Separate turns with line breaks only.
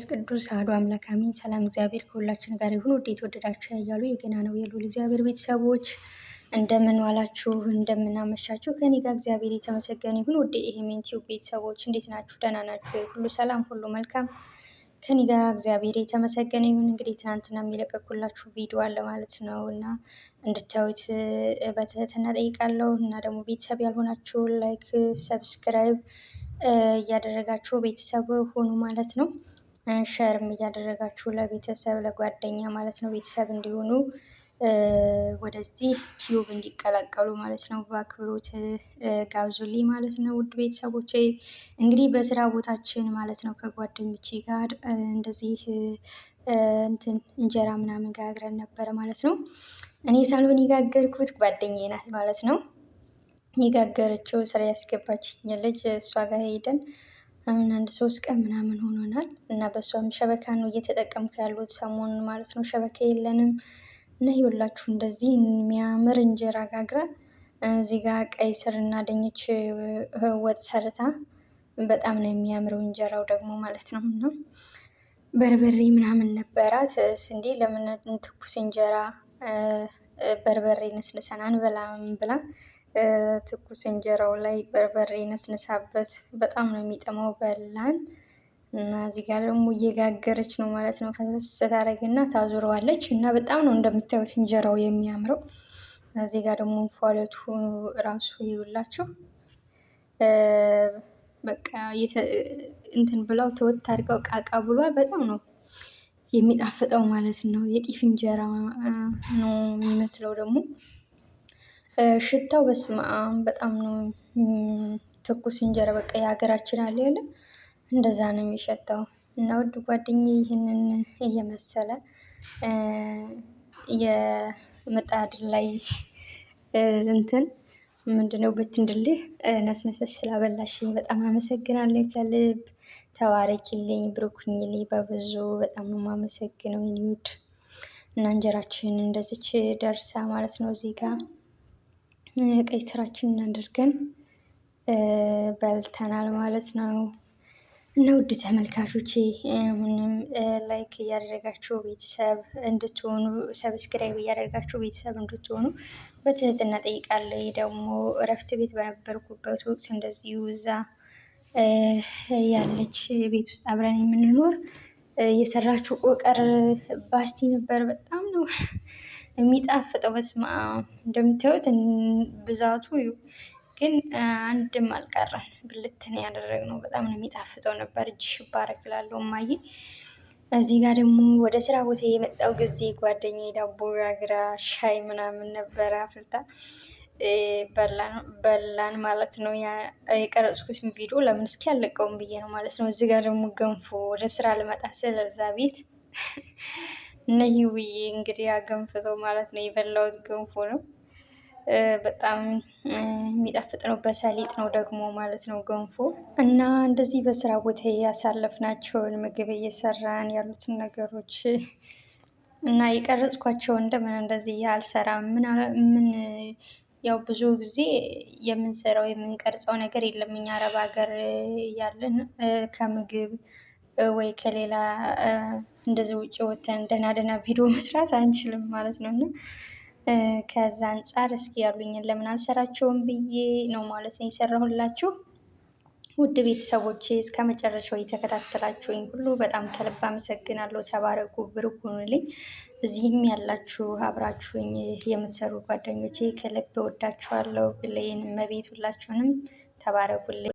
መንፈስ ቅዱስ አሐዱ አምላክ አሜን። ሰላም እግዚአብሔር ከሁላችን ጋር ይሁን። ውድ የተወደዳችሁ ያያሉ የገና ነው የሉል እግዚአብሔር ቤተሰቦች እንደምን ዋላችሁ፣ እንደምን አመሻችሁ። ከኔ ጋር እግዚአብሔር የተመሰገነ ይሁን። ውድ ኢሄሜን ቲዩብ ቤተሰቦች እንዴት ናችሁ? ደህና ናችሁ? ሁሉ ሰላም፣ ሁሉ መልካም። ከኔ ጋር እግዚአብሔር የተመሰገነ ይሁን። እንግዲህ ትናንትና የሚለቀቁላችሁ ቪዲዮ አለ ማለት ነው እና እንድታዩት በትህትና ጠይቃለሁ እና ደግሞ ቤተሰብ ያልሆናችሁ ላይክ፣ ሰብስክራይብ እያደረጋችሁ ቤተሰብ ሆኑ ማለት ነው። ሸርም እያደረጋችሁ ለቤተሰብ ለጓደኛ ማለት ነው ቤተሰብ እንዲሆኑ ወደዚህ ቲዩብ እንዲቀላቀሉ ማለት ነው በአክብሮት ጋብዙልኝ ማለት ነው። ውድ ቤተሰቦች እንግዲህ በስራ ቦታችን ማለት ነው ከጓደኞቼ ጋር እንደዚህ እንትን እንጀራ ምናምን ጋግረን ነበረ ማለት ነው። እኔ ሳሎን የጋገርኩት ጓደኛዬ ናት ማለት ነው የጋገረችው ስራ ያስገባችኝ ልጅ እሷ ጋር ሄደን አሁን አንድ ሶስት ቀን ምናምን ሆኖናል እና በእሷም ሸበካ ነው እየተጠቀምኩ ያሉት ሰሞኑን ማለት ነው። ሸበካ የለንም እና ይኸውላችሁ እንደዚህ የሚያምር እንጀራ ጋግራ እዚህ ጋር ቀይ ስር እና ደኝች ወጥ ሰርታ በጣም ነው የሚያምረው እንጀራው ደግሞ ማለት ነው። እና በርበሬ ምናምን ነበራት እንዲህ ለምን ትኩስ እንጀራ በርበሬ ነስንሰን አንበላም ብላ ትኩስ እንጀራው ላይ በርበሬ ነስንሳበት በጣም ነው የሚጠማው በላን እና እዚህ ጋር ደግሞ እየጋገረች ነው ማለት ነው። ፈሰስ እና ታዞረዋለች እና በጣም ነው እንደምታዩት እንጀራው የሚያምረው። እዚህ ጋር ደግሞ ፏለቱ ራሱ ይውላችሁ በቃ እንትን ብለው ተወት አድርገው ቃቃ ብሏል። በጣም ነው የሚጣፍጠው ማለት ነው። የጤፍ እንጀራ ነው የሚመስለው ደግሞ ሽታው በስማም በጣም ነው ትኩስ እንጀራ በቃ የሀገራችን አለ ያለ እንደዛ ነው የሚሸታው። እና ውድ ጓደኛ ይህንን እየመሰለ የምጣድ ላይ እንትን ምንድነው ብትንድልህ ነስነስ ስላበላሽ በጣም አመሰግናለሁ። ከልብ ተባረኪልኝ፣ ብሩክኝልኝ በብዙ በጣም ነው የማመሰግነው። እና እንጀራችን እንደዚች ደርሳ ማለት ነው እዚህ ጋር ቀይ ስራችንን አድርገን በልተናል ማለት ነው። እና ውድ ተመልካቾቼ አሁንም ላይክ እያደረጋችሁ ቤተሰብ እንድትሆኑ ሰብስክራይብ እያደረጋችሁ ቤተሰብ እንድትሆኑ በትህትና ጠይቃለሁ። ደግሞ እረፍት ቤት በነበርኩበት ወቅት እንደዚሁ እዛ ያለች ቤት ውስጥ አብረን የምንኖር የሰራችው ቆቀር ባስቲ ነበር። በጣም ነው የሚጣፍጠው በስማ እንደምታዩት ብዛቱ ግን አንድም አልቀረም ብልትን ያደረግ ነው በጣም ነው የሚጣፍጠው ነበር። እጅ ይባረክ እላለሁ እማዬ። እዚህ ጋር ደግሞ ወደ ስራ ቦታ የመጣው ጊዜ ጓደኛ ዳቦ ጋግራ ሻይ ምናምን ነበረ አፍልታ በላን ማለት ነው። የቀረጽኩት ቪዲዮ ለምን እስኪ ያለቀውም ብዬ ነው ማለት ነው። እዚህ ጋር ደግሞ ገንፎ ወደ ስራ ልመጣ ስለዛ ቤት እነ ህውዬ እንግዲህ አገንፍተው ማለት ነው። የበላሁት ገንፎ ነው። በጣም የሚጣፍጥ ነው። በሰሊጥ ነው ደግሞ ማለት ነው ገንፎ እና እንደዚህ በስራ ቦታ ያሳለፍናቸውን ምግብ እየሰራን ያሉትን ነገሮች እና የቀረጽኳቸው እንደምን እንደዚህ አልሰራም። ምን ያው ብዙ ጊዜ የምንሰራው የምንቀርጸው ነገር የለም እኛ አረብ ሀገር ያለን ከምግብ ወይ ከሌላ እንደዚህ ውጭ ወተን ደህና ደህና ቪዲዮ መስራት አንችልም ማለት ነው እና ከዛ አንጻር እስኪ ያሉኝን ለምን አልሰራቸውም ብዬ ነው ማለት ነው የሰራሁላችሁ። ውድ ቤተሰቦቼ እስከ መጨረሻው የተከታተላችሁኝ ሁሉ በጣም ከልብ አመሰግናለሁ። ተባረኩ፣ ብሩክ ሁኑልኝ። እዚህም ያላችሁ አብራችሁኝ የምትሰሩ ጓደኞቼ ከልብ ወዳችኋለሁ። ብለይን መቤት ሁላችሁንም ተባረኩልኝ።